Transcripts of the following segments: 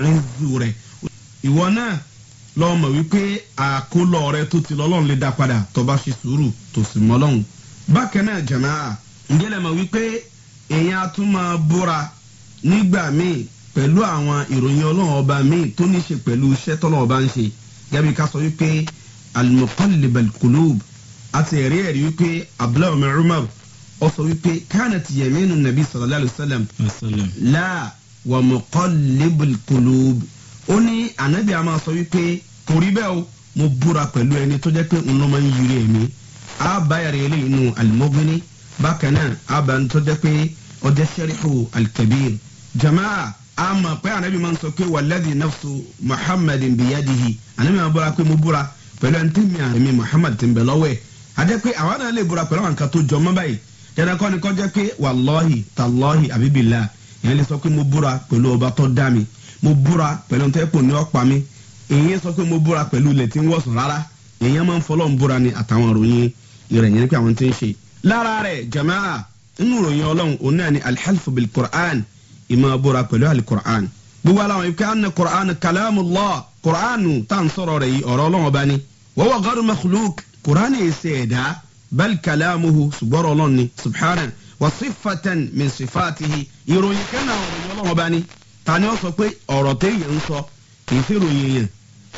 ríńdù rẹ ìwọ náà lọ́mọ wípé àkólọ rẹ tó ti lọ́lọ́run lè dá padà tó bá ṣe sùúrù tó sì mọ́ lọ́hùn. bákan náà jẹ̀nà ǹjẹ́ lẹ́mọ̀ wípé èèyàn á tún máa búra nígbà míì pẹ̀lú àwọn ìròyìn ọlọ́run ọba míì tó ní ṣe pẹ̀lú iṣẹ́ tọ́lọ́run ọba ń ṣe gẹ́gẹ́ bí ká sọ wípé alimokọ́lìbẹ̀l kùlùb àti ẹ̀rí ẹ̀rí wípé abdullahi umar ó sọ wípé kánàtì yẹmínú nàbí sọlá wà muqallibul qulub ó ní ànábì àmà sọ wípé kò rí bẹ́ẹ̀ o mo búra pẹ̀lú ẹni tó jẹ́ pé n ló máa ń yiri èmi á báyàrá eléyìí nù alimọ́gbẹ́ni bákan náà á bá ń tó jẹ́ pé ọjọ́ sẹ́ríkù alikabir jamaa á mọ̀ pé ànábì máa ń sọ pé wàlẹ́dì nafsu muhammadin biyadihi ànábì máa búra pé mo búra pẹ̀lú ẹni tí mi àrùn mi muhammad ti ń bẹ̀ lọ́wọ́ ẹ̀ adé pé àwa náà lè búra pẹ̀lú àwọn kan tó jọ mọ́ báyìí jẹ́ ìyẹn lè sọ pé mo búra pẹ̀lú ọba tó dá mi mo búra pẹ̀lú ohun tó pò ní ọ̀pá mi èyí sọ pé mo búra pẹ̀lú ilẹ̀ tí ń wọ̀sùn rárá èyí máa ń fọlọ́ ń búra ni àtàwọn ìròyìn ìrẹ̀ yẹn pé àwọn ti ń ṣe. lára rẹ̀ jamaa inú ìròyìn ọlọ́run òun náà ni alḥalfu bil qur'an ìmọ̀ búra pẹ̀lú alikur'an gbogbo aláwọn qur'an kalamullah qur'an tá à wasifatan min sifatihi ìròyìn kẹ́nà ọ̀rọ̀ yẹn ọlọ́run ọba ni ta ni ó sọ pé ọ̀rọ̀ téèyàn ń sọ kì í sí ìròyìn èèyàn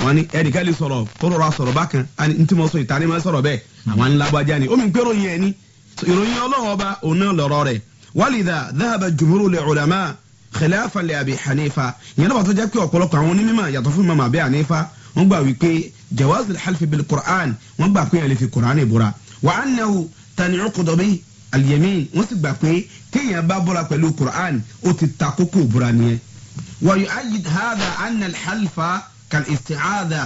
wọn ni ẹnìkan lè sọ̀rọ̀ tó rọra sọ̀rọ̀ bákan ní tí mo sọ ìta ni mo sọ̀rọ̀ bẹ́ẹ̀ àwọn ńlágbájá ni omi ń pé ìròyìn ẹ̀ ni ìròyìn ọlọ́run ọba òun náà lọ̀rọ̀ rẹ̀ wálìdà dáhàbà jùmúrù lè ọ̀dàmà xìláfà lè àbí hanifa ìyẹn náà wà jẹ́ pé ọ̀pọ̀lọpọ̀ àwọn onímọ̀ yàtọ̀ fún mọ̀mọ́ àbí hanifa wọ́n gbà wípé jawaz alḥalfi bil qur'an wọ́n gbà pé ẹ̀ lè fi qur'an ìbúra wà á nàwó tani ọkùdọ̀bí àlìyẹ̀mí wọ́n sì gbà pé téèyàn bá bọ́ra pẹ̀lú quran ó ti ta kókó òbúra nìyẹn. wàyù ayid hadha anna alḥalfa kal isti'adha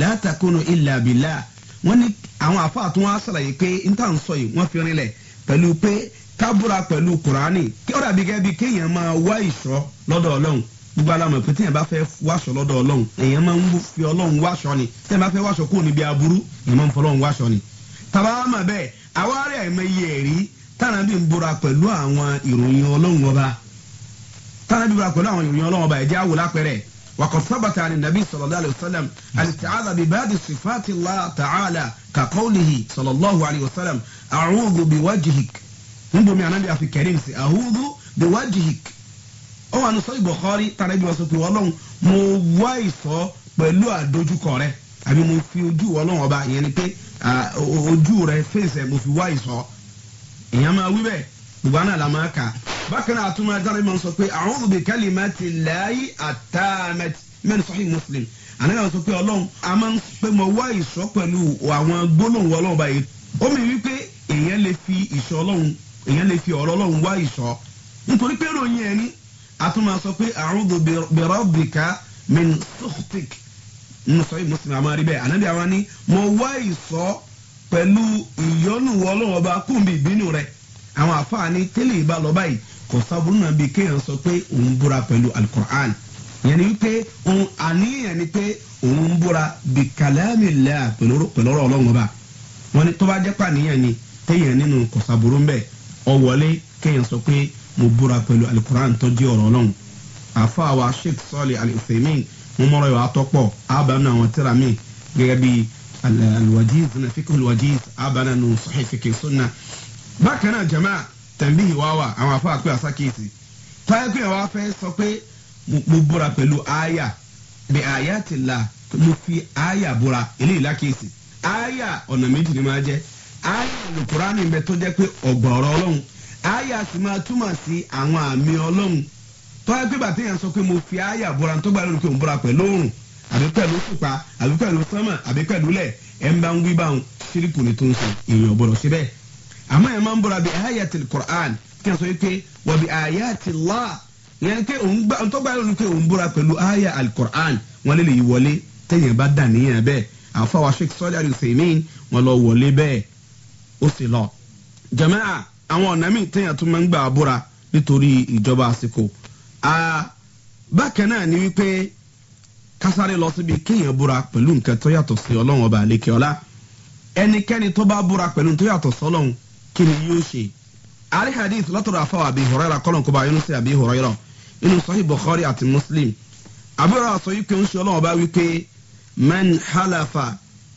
látàkùnú ilà bìlà wọ́n ní àwọn àfáà tó wọ́n á sàlàyé pé n tà ń sọ yìí wọ́n fi rinlẹ̀ pẹ̀lú pé kábúra pẹ̀lú quran kí ó dàbí gẹ́gẹ́ bí kéèyàn máa wá ìṣọ́ lọ́dọ̀ ọlọ́run gbogbo alamọ pé téèyàn bá fẹ́ wáṣọ lọ́dọ̀ ọlọ́run èèyàn máa ń fi ọlọ́run wáṣọ ni téèyàn bá fẹ́ wáṣọ kúrò níbi aburú èèyàn máa ń fọlọ́run wáṣọ ni. tàbá mà bẹ́ẹ̀ àwárí àìmọye ẹ̀rí tànàbí ń bora pẹ̀lú àwọn ìròyìn ọlọ́run ọba tànàbí bora pẹ̀lú àwọn ìròyìn ọlọ́run ọba ẹ̀dí àwò lápẹ̀rẹ̀ وقد ثبت عن النبي صلى الله عليه وسلم الاستعاذة ببعض صفات الله تعالى كقوله صلى الله عليه وسلم أعوذ بوجهك نبو معنى النبي في الكريم أعوذ بوجهك ó wà ní sọ ìbọ̀kọ́rí tàbí wọ́n sọ pé ọlọ́run mo wá ìsọ pẹ̀lú àdójúkọ rẹ àbí mo fi ojú ọlọ́run ọba ìyẹn ni wá ìsọ ìyẹn máa wí bẹ́ẹ̀ gbogbo àná la máa kà bákan náà àtúmọ̀ ẹ̀dá rẹ̀ máa ń sọ pé a'udhu bi kalimati llahi at-tammati min sahih muslim àná yà sọ pé ọlọ́run a máa ń pẹ́ mọ wá ìṣọ́ pẹ̀lú àwọn gbólóhùn ọlọ́run báyìí ó mi wí pé èèyàn lè fi ìṣọ́ ọlọ́run èèyàn lè fi ọ̀rọ̀ ọlọ́run wá ìṣọ́ nítorí pé ròyìn ẹni àtúmọ̀ sọ pé a'udhu bi rabbika min sukhtik nínú sahih pẹ̀lú ìyọ́nù ọlọ́run ọba kùnbi ìbínú rẹ̀ àwọn àfààní tẹ́lẹ̀ ìbá lọ báyìí kò sábúrú náà bíi kéèyàn sọ pé òun búra pẹ̀lú alukur'an yẹn ni wípé òun àníyàn ni pé òun búra bíi kàlámì lẹ́à pẹ̀lú ọ̀rọ̀ ọlọ́run ọba wọn ni tó bá jẹ́ pàníyàn ni téèyàn nínú kò sábúrú ń bẹ̀ ọ wọlé kéèyàn sọ pé mo búra pẹ̀lú alukur'an tó jẹ́ ọ̀rọ̀ ọlọ́run àfàwà sheikh sọ́ọ̀lì alìsèmí mo ìwà àtọ́pọ̀ ábàámu àwọn tíra gẹ́gẹ́ bíi alwadiz na fíkọ́ alwadiz abananu sahih fíkì sunna bákan náà jama tẹ̀lé ìwá wa àwọn afọ àpè àsákèsì táyà pé àwa fẹ́ sọ pé mo búra pẹ̀lú àyà bí àyà ti la mo fi àyà búra eléyìí lákèsì àyà ọ̀nà méjì ni máa jẹ́ àyà lùkùránì bẹ tó jẹ́ pé ọ̀gbọ̀rọ̀ ọlọ́run àyà sì máa túmọ̀ sí àwọn àmì ọlọ́run tọ́yà pé bàtẹ́yà sọ pé mo fi àyà búra tó gbà lórí pé mo búra pẹ̀lú òrùn àbí pẹ̀lú pupa àbí pẹ̀lú sánmà àbí pẹ̀lú lẹ̀ ẹ̀ ń bá ń wí báwọn ṣírìkù ni tó ń sọ èèyàn ọ̀bọ̀dọ̀ síbẹ̀ àmọ́ ẹ̀ máa ń bọ̀rọ̀ bí ayat al-Qur'an kí n sọ pé wọ́n bí ayat Allah yẹn ké òun gbà tó gbà lónìí pé òun bọ̀rọ̀ pẹ̀lú ayat al-Qur'an wọn lè yí wọlé tẹ̀yìn bá dà níyàn bẹ́ẹ̀ àfa wa sheikh sọ́jà rẹ̀ sèmín wọn lọ wọlé bẹ́ẹ̀ ó sì lọ. jàmáà àwọn ọ̀nà míì bákan náà ni wípé kásáré lọ síbi kéèyàn búra pẹ̀lú nǹkan tó yàtọ̀ sí ọlọ́run ọba àlékè ọlá ẹnikẹ́ni tó bá búra pẹ̀lú tó yàtọ̀ sọlọ́run kí ni yóò ṣe. àrí hadith látọ̀dọ̀ afáwọ̀ àbí ìhòòrẹ́ra kọ́lọ̀n kó bá yọnu sí àbí ìhòòrẹ́ra inú sọ́hìn bukhari àti muslim àbúrò àṣọ yìí pé ń ṣe ọlọ́run ọba wípé man halafa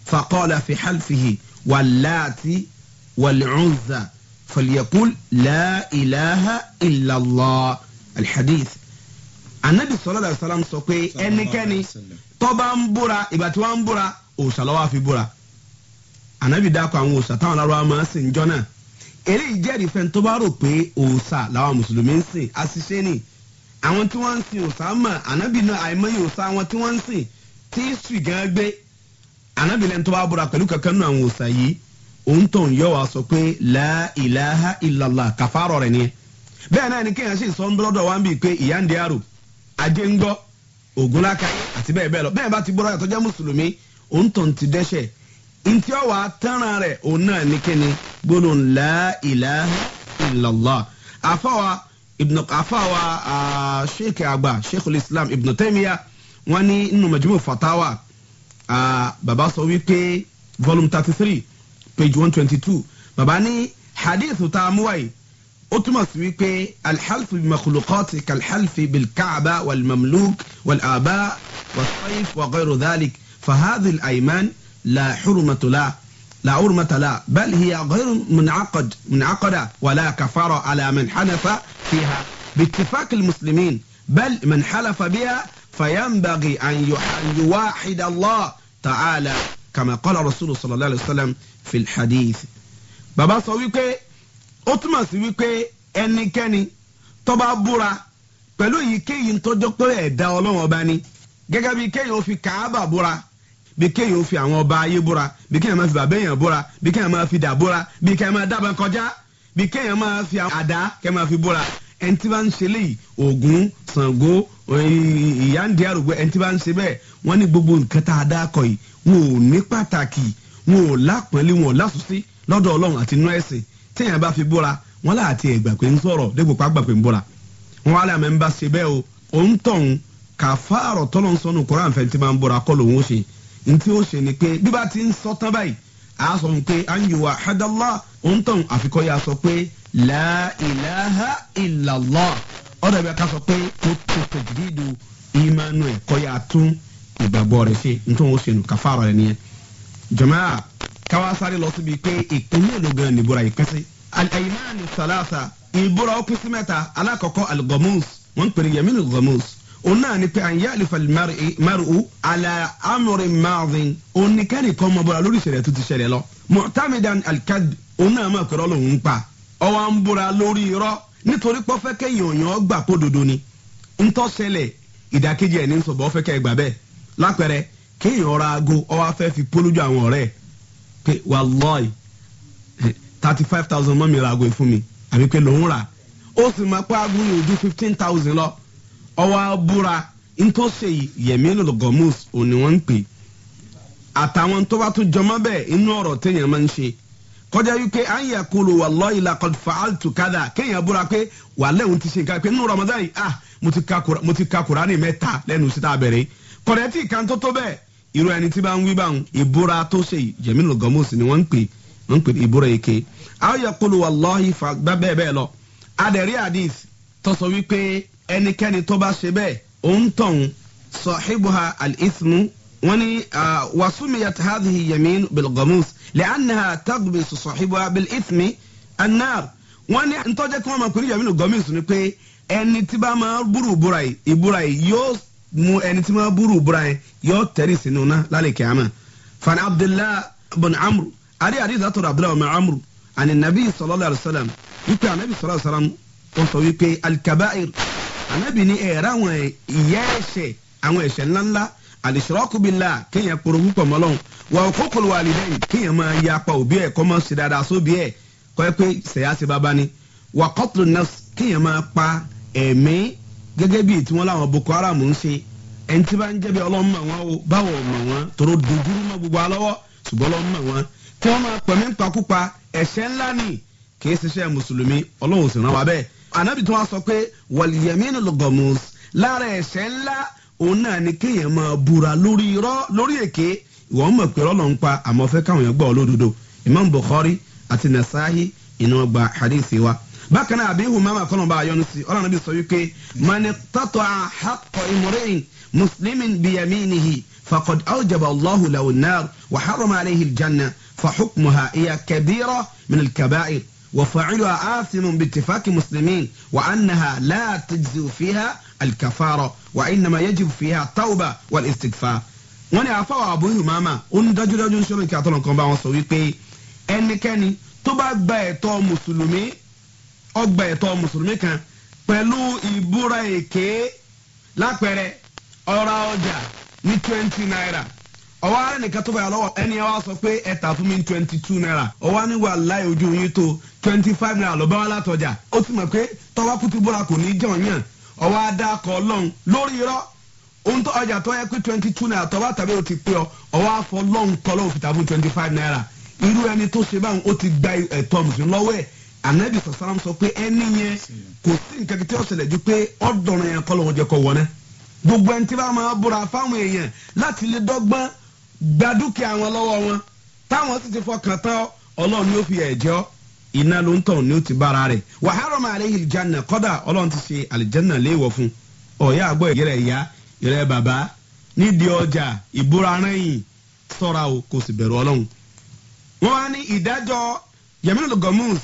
faqala fi halfihi wàláàtì anabi sọlọ́dà sàlám sọ pé ẹnikẹ́ni tọ́ba ń búra ìgbà tí wọ́n ń búra òòṣà lọ́wọ́ àfi búra anabi dákọ̀ àwọn òòṣà táwọn aláwọ̀ máa ń sìn jọ náà eléyìí jẹ́rìí fẹ́ tó bá rò pé òòṣà làwọn mùsùlùmí ń sìn àṣìṣe ni àwọn tí wọ́n ń sin òòṣà mọ̀ anabi náà àìmọye òòṣà àwọn tí wọ́n ń sìn tí ń sùn gan gbé anabi lẹ́nu tó búra pẹ̀lú kankan nínú àwọn òòṣà yìí òun tó ń yọ wá sọ pé láìláha ìlàlá kàfárọ̀ rẹ̀ ni bẹ́ẹ̀ náà ni kéèyàn sì sọ ń bọ́dọ̀ wá ń bì pé ìyá ń di àrò ajéńgọ́ ògúnláka àti bẹ́ẹ̀ bẹ́ẹ̀ lọ bẹ́ẹ̀ bá ti bọ́ra yàtọ̀ jẹ́ mùsùlùmí òun tàn ti dẹ́sẹ̀ ntí ọ wà á rẹ̀ òun náà ní kíni gbólóhùn la ilaha illallah àfọwà ibnu àfọwà sheikh àgbà sheikhul islam ibnu taymiya wọn ní nínú majmu fatawa bàbá sọ wípé volume thirty three page one twenty two bàbá ní hadith tá a mú wáyé. أطمس ويكي الحلف بمخلوقات كالحلف بالكعبة والمملوك والآباء والصيف وغير ذلك فهذه الأيمان لا حرمة لا لا حرمة لا بل هي غير منعقد منعقدة ولا كفارة على من حنف فيها باتفاق المسلمين بل من حلف بها فينبغي أن يواحد الله تعالى كما قال رسول صلى الله عليه وسلم في الحديث بابا صويكي ó túmọ̀ sí wípé ẹnikẹ́ni tó bá búra pẹ̀lú èyíkéyìí tọ́jọ́ pé ẹ̀dá ọlọ́run ọba ni gẹ́gẹ́ bí kéèyàn ó fi kàábà búra bí kéèyàn ó fi àwọn ọba ayé búra bí kéèyàn máa fi bàbá èèyàn búra bí kéèyàn máa fi dà búra bí kéèyàn máa dábàá kọjá bí kéèyàn máa fi àdá kéèyàn máa fi búra ẹni bá ń ṣe léyìí ògún ṣàngó ìyá ń di àrògbé ẹni bá ń ṣe bẹ́ẹ̀ wọ́n ní gbogbo nǹkan tá a dá kọ yìí wọn ò ní pàtàkì wọn ò lápọ́nlé wọn ò lásùsí lọ́dọ̀ ọlọ́run àti inú ẹ̀sìn téèyàn bá fi búra wọn láti ẹ̀gbà pé ń sọ̀rọ̀ dépò pàgbà pé ń búra wọn alẹ́ àmì ń bá ṣe bẹ́ẹ̀ o òun tọ̀hún kàfáàrọ̀ tọ́lọ̀ ń sọnù kọ́ra àǹfẹ́ tí máa ń búra kọ́ lòun ó ṣe ntí ó ṣe ni pé bí bá ti ń sọ tán báyìí a sọ fún pé anyuwa hadallah òun tọ̀hún àfikọ́ yà sọ pé la ilaha illallah ọ̀dọ̀ ìbí ká sọ pé kó tó tẹ̀jìdìdù ìmánu ẹ̀ kọ́ yà tún ìgbàgbọ́ rẹ̀ ṣe ntí ó ṣe nù kàfáàrọ̀ rẹ̀ nìyẹn jọ̀máà káwá sáré lọ síbi pé ìpínlẹ̀ èlò gan nìbúra ìpínsí. àìmáàní sàlàsà ìbúra ó sí mẹ́ta alákọ̀ọ́kọ́ algomus wọ́n ń pè ní òun náà ni pé àyè àlìfàlì márùú àlà amúrin márùn oníkẹ́rì kan mọ̀ bọ́ra lórí ìṣẹ̀lẹ̀ tó ti ṣẹlẹ̀ lọ. mọ̀tàmídàn alikad òun náà mọ̀ pé rọ́lùn ń pa ọwọ́ à ń búra lórí irọ́ nítorí pọ́fẹ́ kẹ́yìn òyìn gbà kó dodo ni. ntọ́ṣẹlẹ̀ ìdákejì ẹ̀ ní sọ̀bọ̀ fẹ́ kẹ́ gbà bẹ́ẹ̀ lápẹ̀rẹ̀ kéèyàn ọ̀rọ̀ aago ọwọ́ afẹ́ fi polójú àwọn ọ̀rẹ́ ẹ̀ pé wàlọ́ọ̀ì thirty five thousand mọ́mi ra aago ìfún mi àbí pé lòún rà ó sì máa pé aago yìí fifteen thousand lọ ọwọ́ abúra ntọ́sẹ̀ yẹ̀mí lọ́gọ́mùs òní wọ́n ń pè àtàwọn tó bá tún jọmọ́ bẹ́ẹ̀ inú ọ̀rọ̀ téèyàn máa ń ṣe kọjá wípé à ń yà kúlò wàlọ́ọ̀ì làkọ̀dù fàáltù kádà kéèyàn búra pé wàlẹ́ òun ti ṣe nǹkan pé nínú ramadan yìí ah mo ti ka kùránì mẹ́ta lẹ́nu síta bẹ̀rẹ̀ kọ̀rẹ́tì kan tó tó bẹ́ẹ̀ irú ẹni tí bá ń wí báwọn ìbúra tó ṣe jẹ̀mínú gọ́mọ̀sì ni wọ́n ń pè wọ́n ń pè ìbúra èké àwọn yẹkulu wàlọ́hì fàgbà bẹ́ẹ̀ bẹ́ẹ̀ lọ adẹ̀rí àdìs tó sọ wípé ẹnikẹ́ni tó bá ṣe bẹ́ẹ̀ òun tọ̀hún sọ̀híbuha al-ismu wọ́n ní wàsúmiyat hadhihi yamin bilgamus lẹ́ànàhà tagbis sọ̀híbuha bil anar wọ́n ní ntọ́jẹ́ kí wọ́n máa pè ní yamin gọ́mọ̀sì ni pé ẹni tí bá máa búrú ìbúra yìí ìbúra yìí yóò mú ẹni tí wọ́n búrú búra yẹn yóò tẹ̀rí sínú náà lálẹ́ kìámà fani abdullahi bin amru adé adé ìdátọ̀rọ̀ abdullahi bin amru àni nabi sallallahu alayhi wa sallam wípé anabi sallallahu alayhi wa sallam ó sọ wípé alikabair anabi ni ẹ̀rọ àwọn ìyá ẹ̀ṣẹ̀ àwọn ẹ̀ṣẹ̀ ńláńlá àlìṣirọ́kù bíi la kéèyàn porogun pọ̀mọ́lọ́hún wà òkókòlò wà lílẹ̀ yìí kéèyàn máa ya apá òbí ẹ̀ kọ́ máa ṣe dáadáa sóbi ẹ̀ kọ́ ẹ pé ṣèyá ṣe bàbá ni wà kọ́tùlù náà kéèyàn máa pa ẹ̀mí gẹ́gẹ́ bíi tí wọ́n láwọn boko haram ń ṣe ẹni tí bá ń jẹ́bi ọlọ́run mọ̀ wọ́n o báwo mọ̀ wọ́n tòró dojúrú mọ́ gbogbo alọ́wọ́ ṣùgbọ́n ọlọ́run mọ̀ wọ́n tí wọ́n máa pẹ̀mí pakúpa ẹ̀ṣẹ̀ ńlá ni kìí ṣiṣẹ́ mùsùlùmí ọlọ́run sì ràn wá bẹ́ẹ̀. ànábì tí wọ́n sọ pé wàlìyẹ̀mínú lọ́gọ̀mùs lára ẹ̀ṣẹ̀ ńlá òun náà ni kéèyàn máa búra lórí irọ́ lórí èké ìwọ̀n mọ̀ pé ọlọ́run pa àmọ́ fẹ́ káwọn èèyàn gbọ́ olódodo imam bukhari àti nasahi ìnáwó gba hadith wa bákan náà àbí humama kọ́nà bá yọnu sí ọlọ́run bí sọ wípé mani tọ́tọ̀ àhàkọ́ ìmọ̀rẹ́yìn mùsùlùmí bìyàmínìhì fàkọ́d àwùjọba allahu lahu nar wà hàrọ̀mà aleyhi janna fàxukmuha iya kẹbíra minil kabair wà fàcilu àásìmù bìtìfàkì mùsùlùmí wà anaha látìjì fiha alkafaro wà inama yajibu fiha tawba wàl istigfa. wọ́n ọgbà ẹ̀tọ́ mùsùlùmí kan pẹ̀lú ìbúra èké lápẹ̀rẹ̀ ọ̀ra ọjà ní twenty naira ọwọ́ ara nìkan tó báyà lọ́wọ́ ẹni ẹ wá sọ pé ẹ tà fún mi twenty two naira ọwọ́ ni wà láì ojú yín tó twenty five naira lọ́ba wa látọjà ó sì mọ̀ pé tọ́wọ́ kú ti búra kò ní jẹun yàn ọwọ́ adakọ̀ ọlọ́run lórí irọ́ ohun tó ọjà tó yẹ pé twenty two naira tọ́wọ́ tàbí o ti pé ọ ọwọ́ afọ lọ́run kọ́ lọ́wọ́ fi twenty five naira irú ẹni tó ṣe báyìí ó ti gba ẹ̀tọ́ mùsùlùmí lọ́wọ́ ẹ̀ anabi sasalam sọ pé ẹni yẹn kò sí nǹkan kí tí ó ṣẹlẹ̀ ju pé ọ̀dọ̀rọ̀ yẹn kọ́ lọ́wọ́ jẹ́ kọ́ wọ́n náà gbogbo ẹni tí bá máa búra fáwọn èèyàn láti lè dọ́gbọ́n gba dúkìá wọn lọ́wọ́ wọn táwọn sì ti fọkàn tán ọlọ́run yóò fi ẹ̀jọ́ iná ló ń tàn ní ó ti bára rẹ̀ wàhálà máa lè hìlìjánà kọ́dà ọlọ́run ti ṣe àlìjánà léèwọ̀ fún ọ̀yá àgbọ̀ ìrẹ́ ìyá ìrẹ́ bàbá nídìí ọjà ìbúra rẹ́yìn sọ́ra o kò sì bẹ̀rù ọlọ́run. wọ́n á ní ìdájọ́ yamil gomus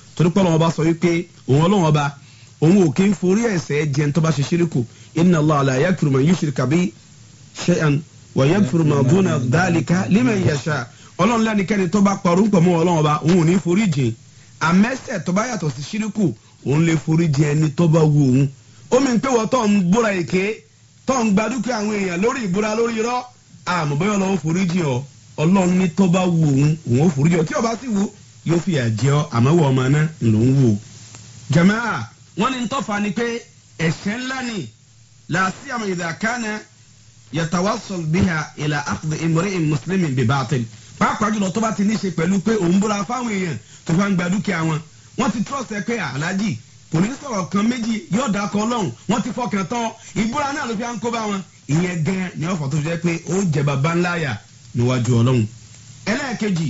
torí pé ọlọ́wọ́n bá sọ wípé òun ọlọ́wọ́n bá òun ò kí ń forí ẹ̀sẹ̀ jẹ́ tó bá ṣe ṣírí kù iná lọ́la yàtúrò mà yíṣu kàbí ṣe àn wà yàtúrò mà dúnà dálíkà límẹ̀ yẹ̀ṣà ọlọ́run lẹ́nikẹ́ni tó bá parọ́ pọ̀ mọ́ ọlọ́wọ́n bá òun ò ní forí jìn àmẹ́sẹ̀ tó bá yàtọ̀ sí ṣírí kù òun lè forí jìn ẹni tó bá wù òun ó pé wọ́n tó gbóra èké tó ń àwọn èèyàn lórí ìbúra lórí irọ́ àmọ́ bẹ́ẹ̀ ọlọ́run forí jìn ọ ọlọ́run ní tó bá wù òun òun ó forí jìn ọ tí ọba sì wù ú yóò fi àjẹ́ ọ àmọ́ wọ ọmọ náà ló ń wò. jamaa wọn ni ntọ́fà ni pé ẹ̀ṣẹ̀ ńlá ni làásì àmì ìdàkánná yàtàwásọ̀l bíhà ìlà àkùdé ìmọ̀rẹ́ ìmùsùlùmí bìbáàtìl pàápàá jùlọ tó bá ti ní í ṣe pẹ̀lú pé òun búra fáwọn èèyàn tó fà ń gba dúkìá wọn wọn ti trọ́ọ̀sì ẹ pé aláàjì kò ní sọ̀rọ̀ kan méjì yóò dá kan lọ́hùn wọ́n ti fọkàn tán ìbúra náà ló fi ń kó bá wọn ìyẹn gan ni ọ̀fọ̀ tó fi jẹ́ pé ó jẹ bàbá ńláyà níwájú ọlọ́run ẹlẹ́ẹ̀kejì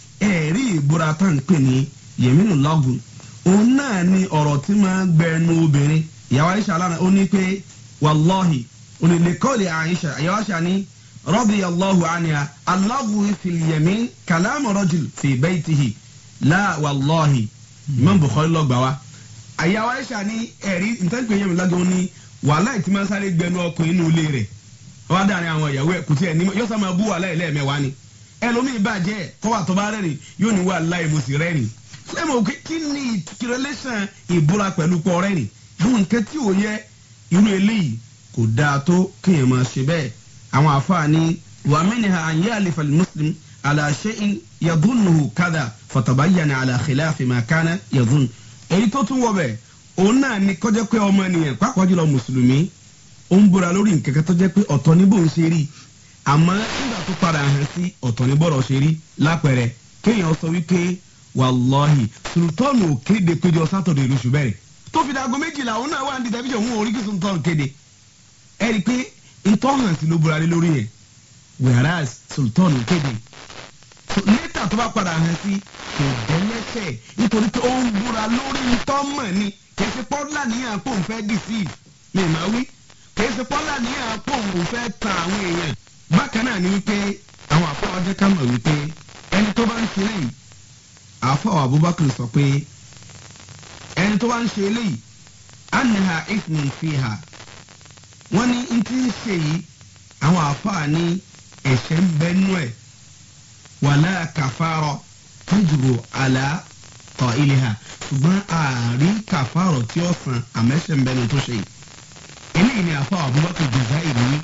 ẹ̀rí ìbúra tá à ń pè ní yẹ̀mínú lọ́gùn òun náà ni ọ̀rọ̀ tí máa ń gbẹnu obìnrin ìyàwó aisha alára ó ní pé wàlọ́hì onílẹ̀kọ́lẹ̀ aisha ìyàwó aisha ní rọ́bì allahu aniya aláwo ìfìlìyẹ̀mí kàlámù rọ́jìl fi bẹ́ẹ̀tìhì láà wàlọ́hì imam bukhari lọ́gbà wa ìyàwó aisha ní ẹ̀rí ntẹ́npẹ̀ yẹ̀mí lọ́gùn ní wàhálà ìtìmọ́sáré gbẹnu ọkùnrin nínú ilé rẹ̀ wọ́n á dàrin àwọn ìyàwó ẹ̀ kùtì ẹlòmíì bàjẹ́ kọ́wà tó bá rẹ́rìn yóò ní wà láì mo sì rẹ́rìn ṣé mo kí ni relation ìbúra pẹ̀lú pọ̀ rẹ́rìn fún nǹkan tí ò yẹ irú eléyìí kò dáa tó kéèyàn máa ṣe bẹ́ẹ̀ àwọn àfààní wàmínì ha àyè àlefàlì mùsùlùmí àlàṣe yàdúnnù kádà fọ̀tàbáyànà àlàkìlá àfìmàkánà yàdúnnù èyí tó tún wọ bẹ́ẹ̀ òun náà ni kọjá pé ọmọ ènìyàn pàápàá jùlọ mùsùlùmí ó ń bora lórí nǹkan kan tó jẹ́ pé ọ̀tọ̀ níbò ń ṣe rí àmọ́ tún padà hàn sí ọ̀tọ̀ ní bọ̀rọ̀ ṣe rí lápẹ̀rẹ̀ kéèyàn sọ wípé wàlọ́hì sultanu kéde péjọ sátọ̀dẹ̀ lóṣù bẹ̀rẹ̀ tó fi dago méjìlá òun náà wà ní tẹ̀bíṣẹ̀ òun orí kí sultan kéde ẹ rí i pé ìtọ́hàn sí ló bura lé lórí yẹn whereas sultanu kéde lẹ́tà tó bá padà hàn sí kò dẹ́lẹ́sẹ̀ nítorí pé ó ń bura lórí ìtọ́mọ̀ ni kì í ṣe pọ́ńlá níyàn pò ń fẹ́ dì sí i lè má wí kì í ṣe pọ́ńlá níyàn pò ń fẹ́ tan àwọn èèyàn bákan náà ni wípé àwọn àfọwọ́ jẹ́ ká mọ̀ wípé ẹni tó bá ń ṣe lẹ́yìn àfọwọ́ abubakar sọ pé ẹni tó bá ń ṣe eléyìí anaha ifnin fiha wọ́n ní n ti ń ṣe yìí àwọn àfọwọ́ ní ẹ̀ṣẹ̀ ń bẹ́ nú ẹ̀ wàlá kàfàrọ̀ tajuru àlá tọ̀ ilé ha ṣùgbọ́n ààrí kàfàrọ̀ tí ó san àmẹ́sẹ̀ ń bẹ́nu tó ṣe yìí eléyìí ni àfọwọ́ abubakar jẹ́ záìrì yìí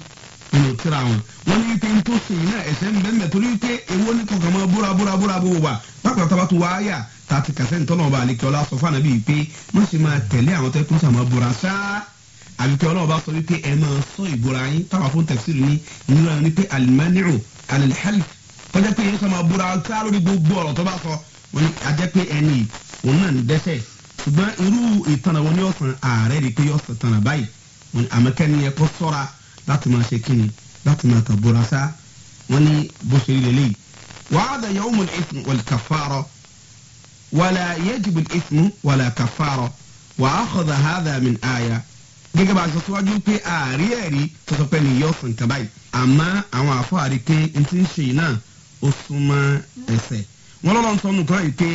nínú tíra wọn wọn ní pé tó sìn náà ẹsẹ̀ ń bẹ́ẹ̀ torí pé èwo ní kankan mọ́ búra búra búra bó wà pápá tábà tó wá yà tàti kàfẹ́ ntọ́nà ọba àlekẹ́ ọlá sọ fún ànábì pé wọ́n sì máa tẹ̀lé àwọn tó kún sàmọ́ búra sáá àlekẹ́ ọlá ọba sọ wípé ẹ máa sọ ìbúra yín táwọn fún tẹ̀síìrì ní nílò ní pé alimaniru alilhali tọ́jà pé yín sàmọ́ búra sáá lórí gbogbo ọ̀rọ̀ tó bá sọ wọn ni ajẹ́ pé ẹni òun náà ń dẹ́sẹ̀ ṣùgbọ́n irú ìtànà wọn ni ọ̀sán ààrẹ rí pé yọ̀ọ̀sán tànà báyìí láti máa ṣe kíni láti máa tàbúra sá wọn ní bó ṣe rí lélẹ́yìí. wàhálà yahoo mu ìsìn wàlì kàfàrọ wàlà yẹjìbù ìsìn wàlà kàfàrọ wàá kọ̀dà hàdà mi àyà. gẹ́gẹ́ bá a sọ síwájú pé ààrí ẹ̀rí tuntun pẹ́ ni yọ fún ìtàn àmọ́ àwọn àfọ̀hárí pé n ti ń ṣe yìí ó súnmọ́ ẹsẹ̀. wọn lọ́wọ́ ń sọnù kan yìí pé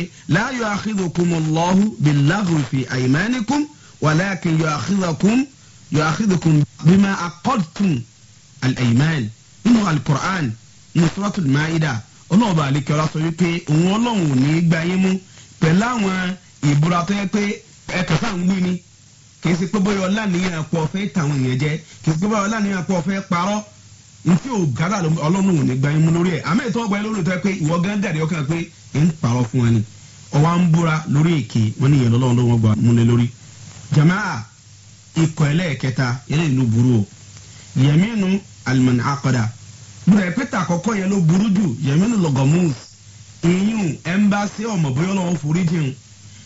àkìdùkùn mọ̀ lọ́hùn lágùn fi àyèmánìkùn wàlẹ́ àkìyò àkìdùkùn يؤاخذكم بما عقدتم الأيمان nínú alukur'an nínú suratul maida ọlọ́ọ̀bà àlekẹ́wàá sọ wípé òun ọlọ́run ò ní í gba yín mú pẹ̀lú àwọn ìbúra tó yẹ pé ẹ̀kọ́ sáà ń wí ni kìí ṣe pé bóyá ọlá nìyẹn pọ̀ fẹ́ tàwọn èèyàn jẹ kìí ṣe pé bóyá ọlá nìyẹn pọ̀ fẹ́ parọ́ ntí o gàdá ọlọ́run ò ní gba yín mú lórí ẹ̀ àmọ́ ètò ọgbà yín lórí ìtọ́ pé ìwọ gán dàdí ọkàn pé ẹ̀ ń parọ́ fún wa ọwọ́ à ń búra lórí èké wọ́n ikọ̀ ẹlẹ́ẹ̀kẹta eléyìí ló burú o yẹmínú alimọ̀nì akọ̀dà bùrẹ̀ pété àkọ́kọ́ yẹn ló burú jù yẹmínú lọ́gọ̀mùs ìyún ẹ̀ńbáṣí ọmọ bóyá lọ́wọ́ foríjì ń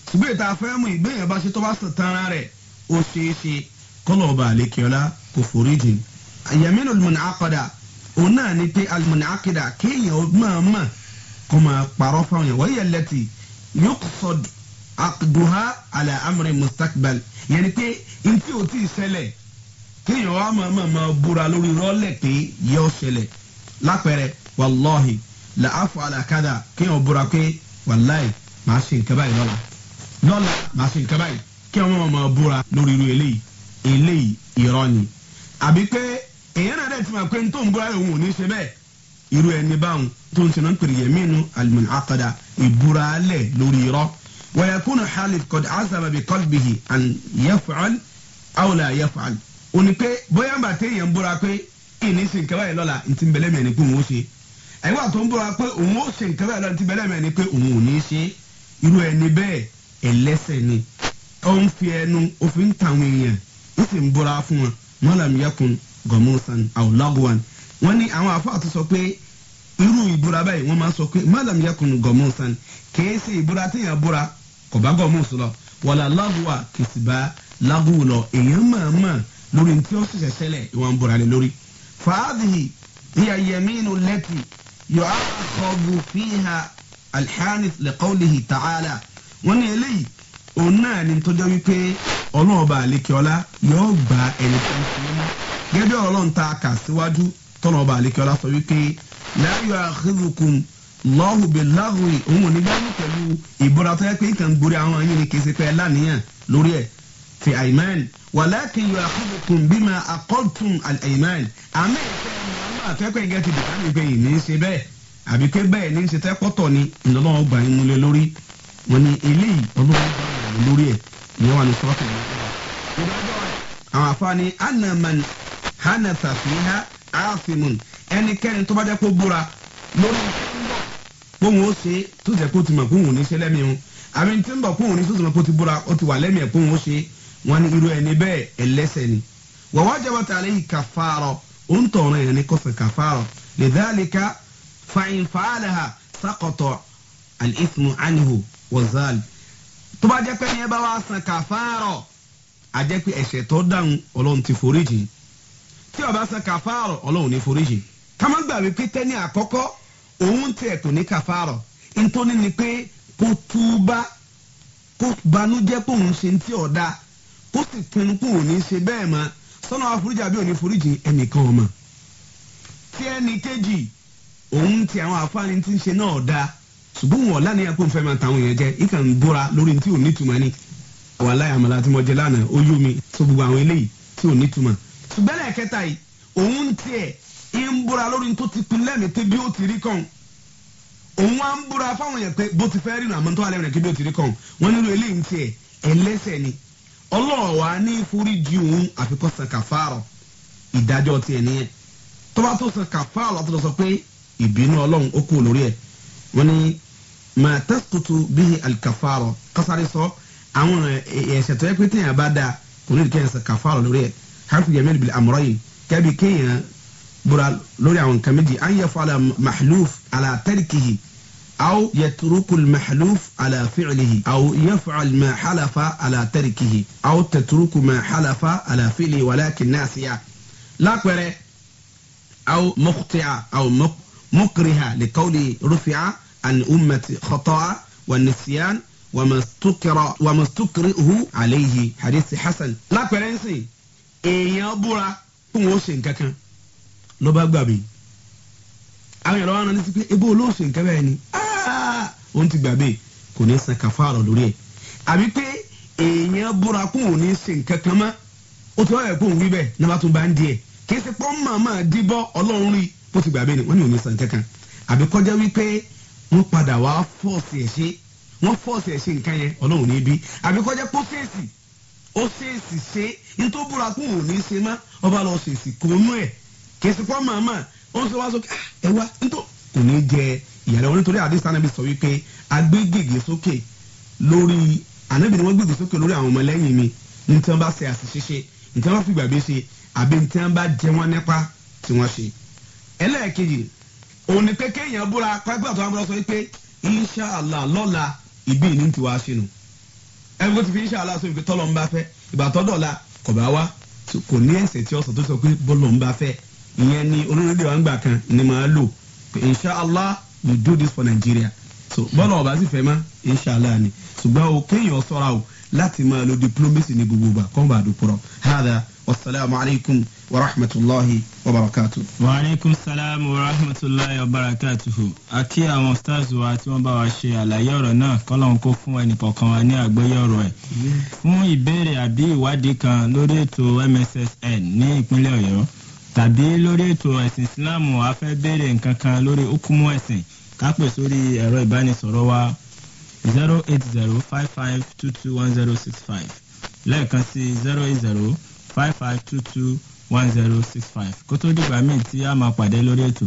ṣùgbọ́n ìta fẹ́mú ìgbéyàn bá ṣe tó bá sàn tán rẹ̀ ó ṣeéṣe kọ́lọ̀ ọba àlekèọ́lá kò foríjì yẹmínú alimọ̀nì akọ̀dà òun náà ni pé alimọ̀nì akọ̀dà kéèyàn máa mọ̀ kó máa parọ́ fáwọn yẹn wọ́n yẹ lẹ́tì yóò sọ̀dù akuduha ala amri mustakbal yẹni pé ntí o ti ṣẹlẹ̀ kéèyàn wá máa máa máa búra lórí rọ́lẹ̀ pé yọ ṣẹlẹ̀ lápẹ̀rẹ̀ wàlọ́hì làáfọ̀ àlàkádà kéèyàn búra pé wàláì màá ṣe nǹkan báyìí lọ́la lọ́la màá ṣe nǹkan báyìí kéèyàn máa máa búra lórí irú eléyìí eléyìí irọ́ ni àbí pé èèyàn náà dẹ̀ ti máa pé ntó ń búra òun ò ní ṣe bẹ́ẹ̀ irú ẹni báwọn tó ń ṣe ń pèrè yẹmí nu àlùmọ̀ àkàdà ìbúra lẹ̀ lórí irọ́ wọ̀yàkùnà halid kọ̀d azaba bi kọ́lbihi and yẹfàl àwòlà yẹfàl òní pé bóyá ń bà téèyàn ń bóra pé ìní sì nkẹ́ báyìí lọ́la ntí ń bẹ̀lẹ́ mẹ́rin pé òun ó ṣe ẹ̀wá tó ń bóra pé òun ó ṣe nkẹ́ báyìí lọ́la ntí bẹ̀lẹ́ mẹ́rin pé òun ò ní ṣe irú ẹni bẹ́ẹ̀ ẹlẹ́sẹ̀ ni ó ń fi ẹnu òfin tàwọn èèyàn ó sì ń bóra fún wọn wọn làm yẹkùn gọmọsán àwòlágùwàn wọn ní àwọn àfọ àtúnṣọ pé irú ìbúra báyìí wọn máa sọ pé mọ́làm yẹkùn gọmọsán kèé sí ìbúra téèyàn búra kò bá gọ̀ọ́mù sọlọ wọlá lágùwà kìsìbá lágùwù lọ èèyàn mọ̀ọ́mọ̀ lórí ntí ó sì sẹ́sẹ́lẹ̀ ìwọ̀n bọ̀rọ̀ alẹ́ lórí. fàádìí hiya yaminu lẹ́tì yóò á kọ́gù fíhà alḥánif lẹ́kọ́lìhì tàcálà wọ́n ní eléyìí òun náà ni tó jẹ́ wípé ọlọ́ọ̀ba àlekíọ́lá yóò gba ẹni tó ń fi gẹ́gẹ́ bí ọlọ́ọ̀ta kà síwájú tọ́nà ọba àlekíọ́lá sọ wípé láyọ̀ àkíndùkùn lọ́hùn bẹ láhùn òun ò ní yáyún pẹ̀lú ìbúra tó yẹ pé kàn gborí àwọn yìí ni kì í ṣe pẹ́ lánìyàn lórí ẹ̀ fi àìmán wàlákin yóò àkókòkùn bí mà àkọ́tùn àìmán àmì ìfẹ́ màmá akẹ́kọ̀ọ́ ìgẹ́ ti dìbò àmì àbí pé bẹ́ẹ̀ ní ṣe tẹ́kọ̀tọ̀ ni ìlọ́lọ́wọ́ gbà ń múlẹ̀ lórí wọn ni eléyìí ọlọ́wọ́ gbà ń lórí ẹ̀ ni wọn ni sọ́ọ̀tì ní àwọn àfáàní anaman hanatha fiha ẹnikẹ́ni tó bá jẹ́ kó búra lórí ìfẹ́ fóun ó ṣe tó jẹ́ kó ti mọ̀ fóun ò ní ṣe lẹ́mìí wọn àmì tí ń bọ̀ fóun ò ní tó ti mọ̀ kó ti búra ó ti wà lẹ́mìí ẹ̀ fóun ṣe wọn ni irú ẹni bẹ́ẹ̀ ẹlẹ́sẹ̀ ni wàwá jẹ́bọ̀tà àlẹ́yìn kàfàrọ̀ ó ń tọ̀rọ̀ yẹn ní kọfẹ́ kàfàrọ̀ lẹ́dàlíkà fàyìn fàálàhà sàkọ̀tọ̀ àlìsmu ànihu wọ̀zàl tó bá jẹ́ pé ní ẹ bá wá san kàfàrọ̀ àjẹ́pé ẹ̀ṣẹ̀ tó dáhùn ọlọ́run ti foríjì tí ọba san kàfàrọ̀ ọlọ́run ní foríjì ká gbàgbé pé tẹ́ni àkọ́kọ́ òun tiẹ̀ kò ní kàfàrọ̀ nítorí ni pé kó túbá kó banújẹ́ pé òun ṣe ti ọ̀dà kó sì pinnu pé òun ní ṣe bẹ́ẹ̀ mọ́ sọ́nà àforíjì àbí òní foríjì ẹnìkan ọmọ tí ẹnì kejì òun ti àwọn àfáàní ti ń ṣe náà dá ṣùgbọ́n wọn ọ̀la ni ẹ kó n fẹ́ máa tàwọn èèyàn jẹ ìkà ń bóra lórí tí ò nítumọ̀ ni àwọn aláyàmọ̀lá tí mo jẹ lánàá ó yó mi tó gbogbo àwọn eléyìí tí ò nítumọ̀ ṣùgbọ́n ẹ̀kẹta yìí òun tiẹ̀ ń búra lórí tó ti pinnu lẹ́mìí pé bí ó ti rí kàn òun wá ń búra fáwọn yẹn pé bó ti fẹ́ rìn àmọ́ tó wà rẹ̀ kí bí ó ti rí kàn wọ́n nínú eléyìí tiẹ̀ ẹlẹ́sẹ̀ ni ọlọ́ọ̀wá ní ìforíjì òun àfikọ́ san kàfáàrọ̀ ìdájọ́ tiẹ̀ nìyẹn tó bá tó san kàfáàrọ̀ tó lọ sọ pé ìbínú ọlọ́run ó kú lórí ẹ̀ wọ́n ní màá tẹ́sítútù bíi alikàfáàrọ̀ kásáré sọ àwọn ẹ̀ṣẹ̀ tó yẹ pé téèyàn bá dáa kò ní ìdíkẹ́yìn san kàfáàrọ̀ lórí ẹ̀ hàfi yẹmẹ́lì bìlẹ̀ àmọ́rọ́ yìí kéèyàn بural لوري عن كمدي أن يفعل محلوف على تركه أو يترك المحلوف على فعله أو يفعل ما حلف على تركه أو تترك ما حلف على فعله ولكن ناسيا لا قرأ أو مقطع أو مكره لقول رفع عن أمة خطاء والنسيان وما استكره عليه حديث حسن لا قرأ إن يبرى lọ́ba gbà mí àwọn yàrá wa náà ti pé ebó olóòṣè nǹkan bẹ́ẹ̀ ni òun ah! ti gbà bẹ́ẹ̀ kò ní san kàfàrọ̀ lórí ẹ̀ àbí pé èèyàn búra kó òun ní ṣe nǹkan kan mọ́ ó ti kó òun wí bẹ́ẹ̀ bá ń di ẹ̀ kì í ṣe pọ́n màmá díbọ́ ọlọ́run rí bó ti gbà bẹ́ẹ̀ ni wọ́n ní òun ní san kankan àbí kọjá wípé wọ́n padà wá fọ́ọ̀sì ẹ̀ ṣe wọ́n fọ́ọ̀sì ẹ̀ ṣe nǹkan yẹn ọlọ́run ní bí àbí kọjá pọ́ fèsì ó fèsì ṣe ní tó búra kó òun ní ṣe mọ́ ọba lọ fèsì kò nú ẹ̀ kì í sì pọ́ màmá ó ń sọ wá sókè ah, ẹ wá nítorí kò ní jẹ ìyàrá wọn nítorí àdìsá náà bí sọ wípé agbégègé sókè lórí ànábì ni wọ́n sókè lórí àwọn ọmọlẹ́yìn mi ní tí wọ́n bá ṣe àṣìṣe ṣe ní tí wọ́n bá fi gbàgbé ṣe àbí ní tí bá jẹ wọ́n nípa tí wọ́n ṣe. ẹlẹ́ẹ̀kejì òun ni pé kéèyàn búra pápá tó wà búra sọ wípé inṣàlá lọ́la ìbí ní tiwa ṣìnù ẹgbẹ́ ti fi inṣàlá sọ ìgbé tọ́lọ́ ń bá fẹ́ ìbàtọ́dọ̀la kò bá wá kò ní ẹ̀sẹ̀ tí ọ̀sán ìyẹn ni olórílẹ̀-èdè wa ń gbà kan ni màá lò inshallah you do this for nigeria so bọ́lá ọba sì fẹ́ mọ́ inshallah ni ṣùgbọ́n o kéèyàn sọ́ra o láti máa lo diplomacy ní gbogbo ìgbà kọ́ bá a dùkúrọ̀ hada wasalaamu alaykum wa rahmatulahi wa barakatu. wa aleykum salaam wa rahmatulahi wa barakatuhu. a kí àwọn stars wa tí wọ́n bá wa ṣe àlàyé ọ̀rọ̀ náà kọ́lọ́hún kó fún ẹnìkọ̀ọ̀kan wa ní àgbọ́yé ọ̀rọ̀ ẹ̀. fún ìbéèrè àbí ìwádìí kan lórí ètò mssn ní ìpínlẹ̀ ọ̀yọ́ tàbí lórí ètò ẹ̀sìn ìsìláàmù a fẹ́ béèrè nǹkan kan lórí hukumu ẹ̀sìn ká pè sórí ẹ̀rọ ìbánisọ̀rọ̀ wa zero eight zero five five two two one zero six five lẹ́ẹ̀kan sí zero eight zero five five two two one zero six five kó tó dìgbà míì tí a máa pàdé lórí ètò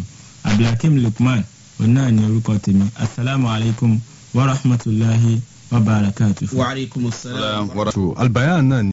abdulhakeem lukman òun náà ni orúkọ tèmi asalaamualeykum wa rahmatulahi wa barakatuh. wa aleykum salaam wa rahmatulahi. albayan náà ni.